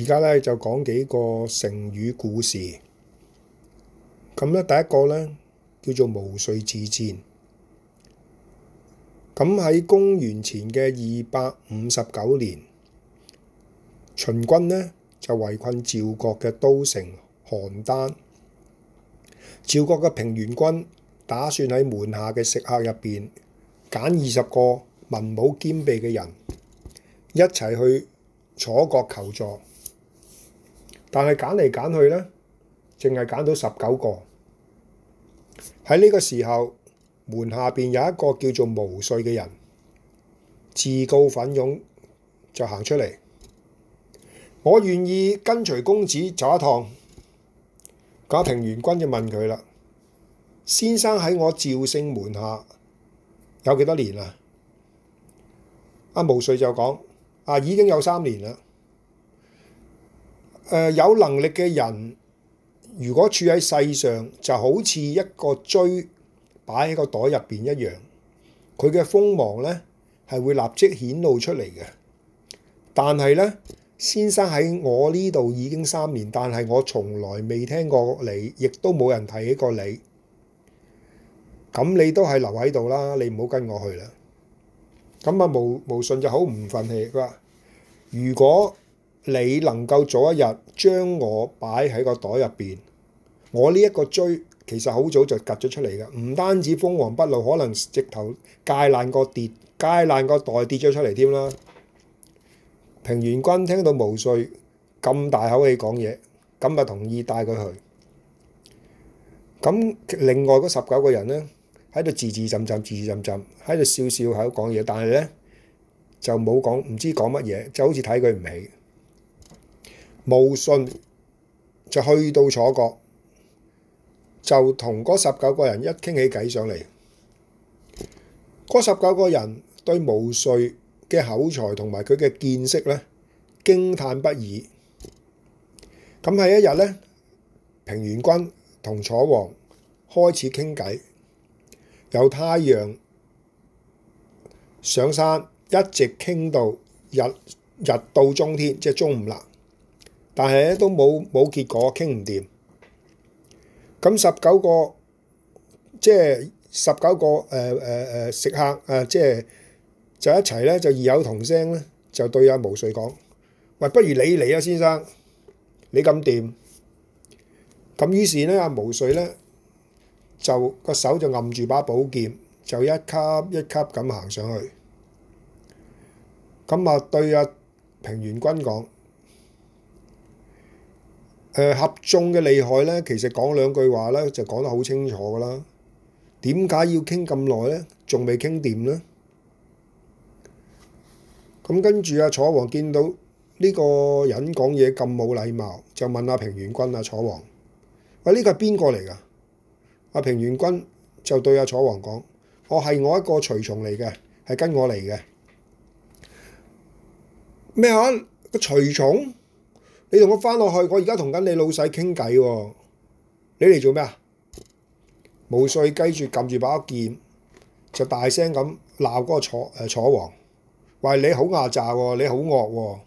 而家咧就講幾個成語故事。咁咧，第一個咧叫做毛遂自薦。咁喺公元前嘅二百五十九年，秦軍呢，就圍困趙國嘅都城邯鄲。趙國嘅平原君打算喺門下嘅食客入邊揀二十個文武兼備嘅人，一齊去楚國求助。但係揀嚟揀去呢，淨係揀到十九個。喺呢個時候，門下邊有一個叫做毛遂嘅人，自告奮勇就行出嚟。我願意跟隨公子走一趟。個平原君就問佢啦：先生喺我趙勝門下有幾多年啦、啊？阿毛遂就講：啊，已經有三年啦。誒、呃、有能力嘅人，如果處喺世上，就好似一個錐擺喺個袋入邊一樣，佢嘅鋒芒呢係會立即顯露出嚟嘅。但係呢，先生喺我呢度已經三年，但係我從來未聽過你，亦都冇人提起過你。咁你都係留喺度啦，你唔好跟我去啦。咁啊，無無信就好唔憤氣。佢話：如果你能夠早一日，將我擺喺個袋入邊。我呢一個錐其實好早就趌咗出嚟嘅，唔單止風皇不露，可能直頭芥爛個跌芥爛個袋跌咗出嚟添啦。平原君聽到毛遂咁大口氣講嘢，咁就同意帶佢去。咁另外嗰十九個人呢，喺度自自浸浸自自浸浸喺度笑笑口度講嘢，但係呢，就冇講唔知講乜嘢，就好似睇佢唔起。毛遂就去到楚國，就同嗰十九個人一傾起偈上嚟。嗰十九個人對毛遂嘅口才同埋佢嘅見識呢，驚歎不已。咁喺一日呢，平原君同楚王開始傾偈，由太陽上山一直傾到日日到中天，即係中午啦。但係咧，都冇冇結果，傾唔掂。咁十九個，即係十九個誒誒誒食客啊，即係就一齊咧就異口同聲咧，就對阿毛遂講：喂，不如你嚟啊，先生，你咁掂。咁於是咧，阿毛遂咧就個手就揞住把寶劍，就一級一級咁行上去。咁啊，對阿平原君講。合眾嘅利害呢，其實講兩句話呢就講得好清楚噶啦。點解要傾咁耐呢？仲未傾掂呢？咁跟住阿楚王見到呢個人講嘢咁冇禮貌，就問阿平原君啊，楚王：喂，呢個係邊個嚟㗎？阿平原君就對阿楚王講：我係我一個隨從嚟嘅，係跟我嚟嘅。咩話個隨從？隨從你同我翻落去，我而家同緊你老細傾偈喎。你嚟做咩啊？毛遂繼續撳住把劍，就大聲咁鬧嗰個楚、呃、楚王，喂，你好亞雜喎，你好惡喎、啊，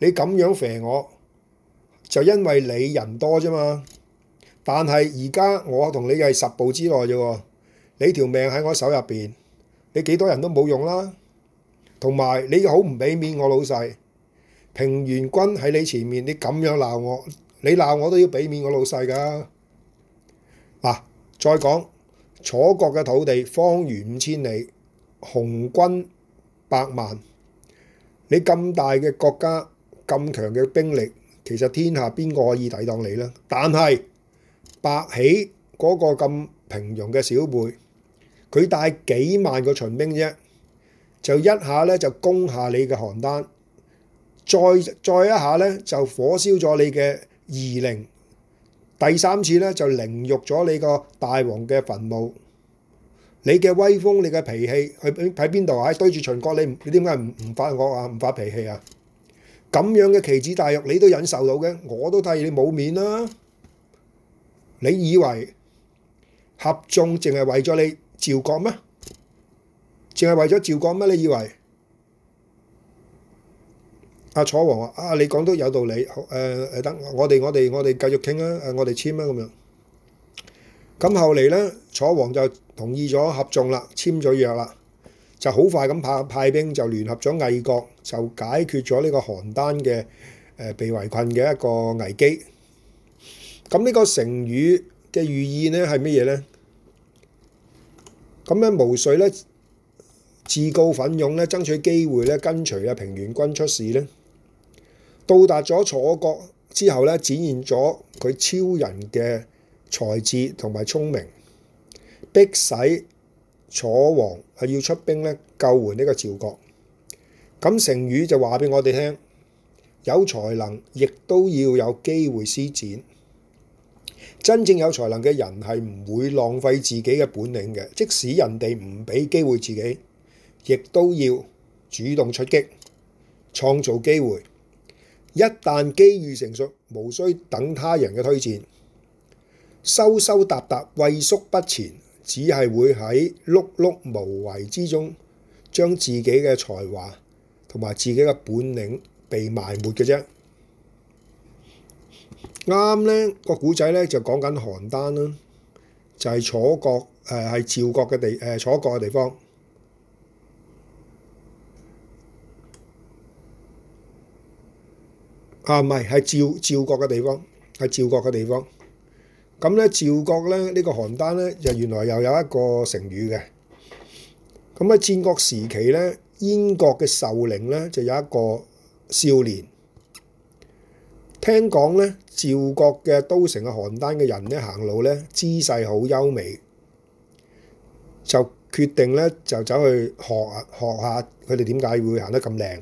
你咁樣肥我，就因為你人多啫嘛。但係而家我同你係十步之內啫喎、啊，你條命喺我手入邊，你幾多人都冇用啦。同埋你好唔俾面我老細。平原君喺你前面，你咁樣鬧我，你鬧我都要俾面我老細噶。嗱、啊，再講楚國嘅土地，方圓五千里，紅軍百萬，你咁大嘅國家，咁強嘅兵力，其實天下邊個可以抵擋你呢？但係白起嗰個咁平庸嘅小輩，佢帶幾萬個秦兵啫，就一下咧就攻下你嘅邯鄲。再再一下呢，就火燒咗你嘅夷陵，第三次呢，就凌辱咗你個大王嘅墳墓，你嘅威風，你嘅脾氣，喺喺邊度啊？對住秦國，你你點解唔唔發惡啊？唔發脾氣啊？咁樣嘅奇恥大辱，你都忍受到嘅，我都替你冇面啦、啊！你以為合縱淨係為咗你趙國咩？淨係為咗趙國咩？你以為？楚王話：啊，你講都有道理，誒誒，等我哋，我哋，我哋繼續傾啦。誒，我哋簽啦咁樣。咁後嚟咧，楚王就同意咗合縱啦，簽咗約啦，就好快咁派派兵，就聯合咗魏國，就解決咗呢個邯鄲嘅誒被圍困嘅一個危機。咁呢個成語嘅寓意咧係咩嘢咧？咁咧，毛遂咧自告奮勇咧，爭取機會咧，跟隨啊平原君出使咧。到達咗楚國之後咧，展現咗佢超人嘅才智同埋聰明，迫使楚王係要出兵咧救援呢個趙國。咁成語就話俾我哋聽：有才能亦都要有機會施展。真正有才能嘅人係唔會浪費自己嘅本領嘅，即使人哋唔俾機會自己，亦都要主動出擊，創造機會。一旦機遇成熟，無需等他人嘅推薦，羞羞答答畏縮不前，只係會喺碌碌無為之中，將自己嘅才華同埋自己嘅本領被埋沒嘅啫。啱咧、呢個古仔咧就講緊邯鄲啦，就係、就是、楚國誒係、呃、趙國嘅地誒、呃、楚國嘅地方。啊，唔係，係趙趙國嘅地方，係趙國嘅地方。咁咧，趙國咧呢個邯鄲咧，就原來又有一個成語嘅。咁喺戰國時期咧，燕國嘅壽陵咧就有一個少年，聽講咧趙國嘅都城嘅邯鄲嘅人咧行路咧姿勢好優美，就決定咧就走去學學下佢哋點解會行得咁靚。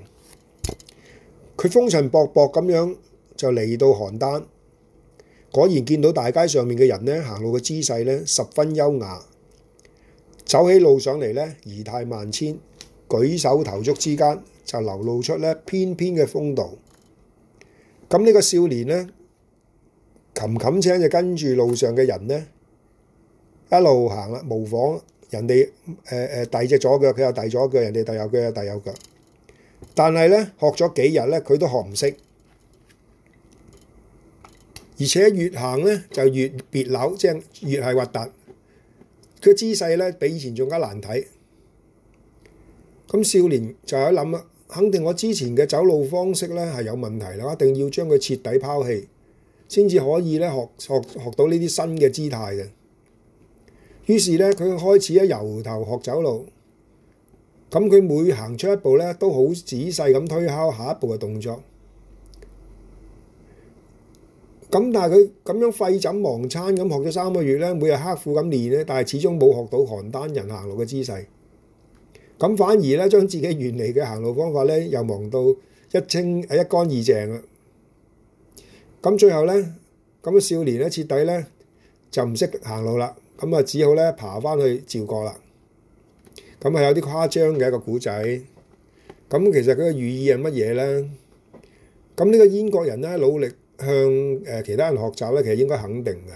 佢風塵僕僕咁樣就嚟到邯鄲，果然見到大街上面嘅人咧，行路嘅姿勢咧十分優雅，走起路上嚟咧儀態萬千，舉手投足之間就流露出咧翩翩嘅風度。咁、嗯、呢、呢個少年咧，擒擒青就跟住路上嘅人咧一路行啦，模仿人哋誒誒第隻左腳，佢又第左腳，人哋第右腳又第右腳。但係咧，學咗幾日咧，佢都學唔識，而且越行咧就越別扭，即係越係核突，佢個姿勢咧比以前仲加難睇。咁少年就喺度諗啊，肯定我之前嘅走路方式咧係有問題啦，我一定要將佢徹底拋棄，先至可以咧學學學到呢啲新嘅姿態嘅。於是咧，佢開始咧由頭學走路。咁佢每行出一步咧，都好仔細咁推敲下一步嘅動作。咁但係佢咁樣廢枕忘餐咁學咗三個月咧，每日刻苦咁練咧，但係始終冇學到邯鄲人行路嘅姿勢。咁反而咧，將自己原嚟嘅行路方法咧，又忙到一清一乾二淨啦。咁最後咧，咁少年咧，徹底咧就唔識行路啦。咁啊，只好咧爬翻去趙國啦。咁啊、嗯，有啲誇張嘅一個古仔。咁、嗯、其實佢嘅寓意係乜嘢呢？咁、嗯、呢、呢個燕國人咧，努力向誒、呃、其他人學習咧，其實應該肯定嘅。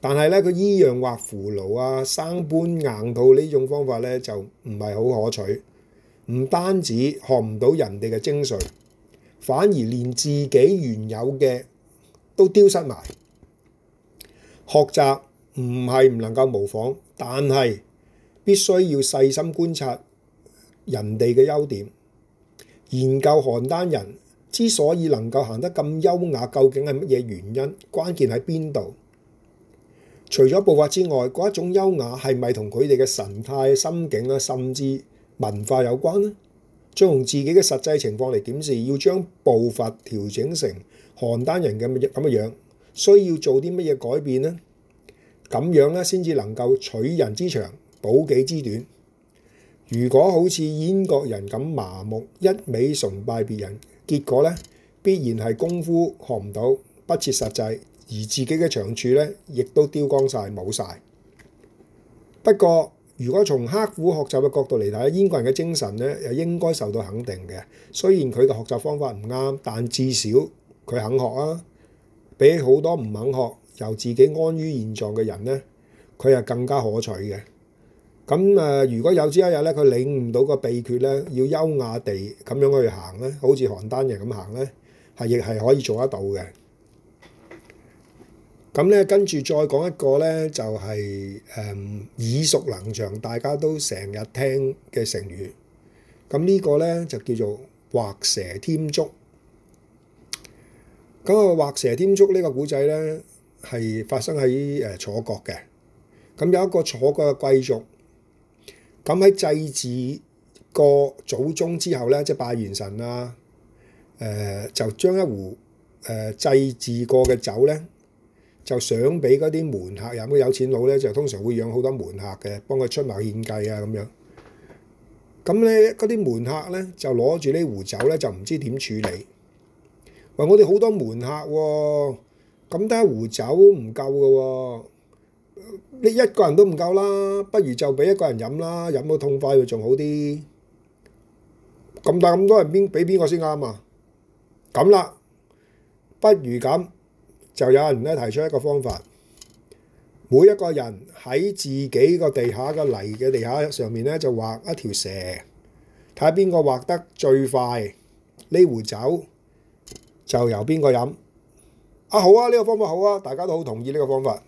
但係咧，佢依樣畫葫蘆啊，生搬硬套呢種方法咧，就唔係好可取。唔單止學唔到人哋嘅精髓，反而連自己原有嘅都丟失埋。學習唔係唔能夠模仿，但係，必須要細心觀察人哋嘅優點，研究邯鄲人之所以能夠行得咁優雅，究竟係乜嘢原因？關鍵喺邊度？除咗步伐之外，嗰一種優雅係咪同佢哋嘅神態、心境呀，甚至文化有關呢？再用自己嘅實際情況嚟檢視，要將步伐調整成邯鄲人咁嘅咁嘅樣，需要做啲乜嘢改變呢？咁樣咧先至能夠取人之長，補己之短。如果好似燕國人咁麻木，一味崇拜別人，結果咧必然係功夫學唔到，不切實際，而自己嘅長處咧亦都丟光晒冇晒。不過，如果從刻苦學習嘅角度嚟睇，燕國人嘅精神咧又應該受到肯定嘅。雖然佢嘅學習方法唔啱，但至少佢肯學啊。比好多唔肯學由自己安於現狀嘅人呢，佢係更加可取嘅。咁誒，如果有朝一日咧，佢領悟到個秘訣咧，要優雅地咁樣去行咧，好似邯鄲人咁行咧，係亦係可以做得到嘅。咁咧，跟住再講一個咧，就係誒耳熟能詳，大家都成日聽嘅成語。咁呢個咧就叫做畫蛇添足。咁啊，畫蛇添足呢個古仔咧係發生喺誒楚國嘅。咁有一個楚國嘅貴族。咁喺祭祀過祖宗之後咧，即、就是、拜完神啊，誒、呃、就將一壺誒、呃、祭祀過嘅酒咧，就賞俾嗰啲門客飲，有有錢佬咧，就通常會養好多門客嘅，幫佢出謀獻計啊咁樣。咁咧嗰啲門客咧就攞住呢壺酒咧，就唔知點處理。喂，我哋好多門客喎、啊，咁得一壺酒唔夠嘅喎、啊。你一個人都唔夠啦，不如就俾一個人飲啦，飲到痛快會仲好啲。咁但咁多人邊俾邊個先啱啊？咁啦，不如咁就有人咧提出一個方法，每一個人喺自己個地下個泥嘅地下上面咧就畫一條蛇，睇下邊個畫得最快，呢壺酒就由邊個飲。啊好啊，呢、呢個方法好啊，大家都好同意呢個方法。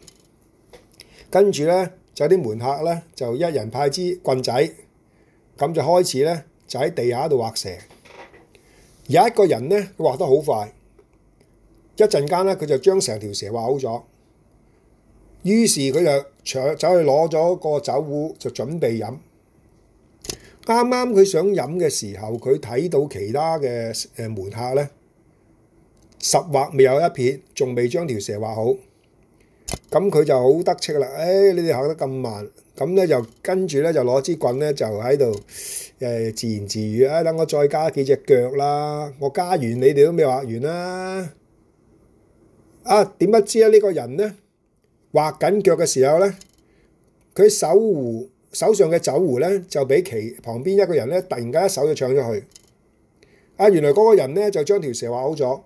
跟住呢，就啲門客呢，就一人派支棍仔，咁就開始呢，就喺地下度畫蛇。有一個人呢，佢畫得好快，一陣間呢，佢就將成條蛇畫好咗。於是佢就搶走去攞咗個酒壺，就準備飲。啱啱佢想飲嘅時候，佢睇到其他嘅誒、呃、門客呢，實畫未有一撇，仲未將條蛇畫好。咁佢就好得戚啦！誒，你哋行得咁慢，咁咧就跟住咧就攞支棍咧就喺度誒自言自語啊！等我再加幾隻腳啦，我加完你哋都未畫完啦！啊，點不知啊？呢個人咧畫緊腳嘅時候咧，佢手壺手上嘅酒壺咧就俾其旁邊一個人咧突然間一手就搶咗去。啊，原來嗰個人咧就將條蛇畫好咗。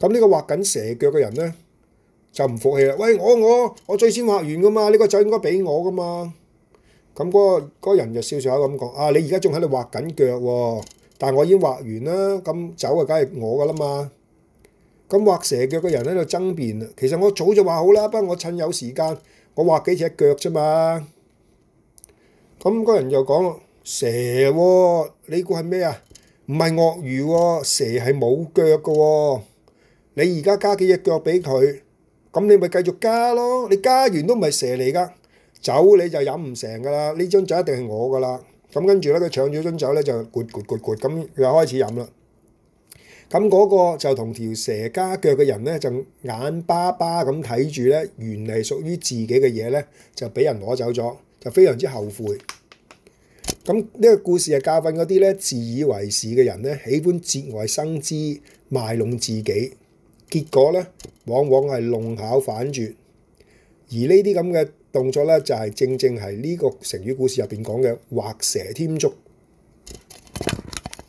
咁呢個畫緊蛇腳嘅人咧，就唔服氣啦！喂，我我我最先畫完噶嘛，呢個就應該俾我噶嘛。咁嗰個嗰人就笑笑口咁講：啊，你而家仲喺度畫緊腳喎，但我已經畫完啦。咁走啊，梗係我噶啦嘛。咁畫蛇腳嘅人喺度爭辯啦。其實我早就畫好啦，不過我趁有時間，我畫幾隻腳咋嘛。咁嗰人就講蛇喎，你估係咩啊？唔係鱷魚喎，蛇係冇腳噶喎。你而家加幾隻腳俾佢？咁你咪繼續加咯，你加完都唔係蛇嚟噶，酒你就飲唔成噶啦。呢樽酒一定係我噶啦。咁跟住咧，佢搶咗樽酒咧，就掘掘掘掘，咁又開始飲啦。咁、那、嗰個就同條蛇加腳嘅人咧，就眼巴巴咁睇住咧，原嚟屬於自己嘅嘢咧，就俾人攞走咗，就非常之後悔。咁呢個故事係教訓嗰啲咧自以為是嘅人咧，喜歡節外生枝，賣弄自己。結果咧，往往係弄巧反拙，而呢啲咁嘅動作呢，就係正正係呢個成語故事入邊講嘅畫蛇添足。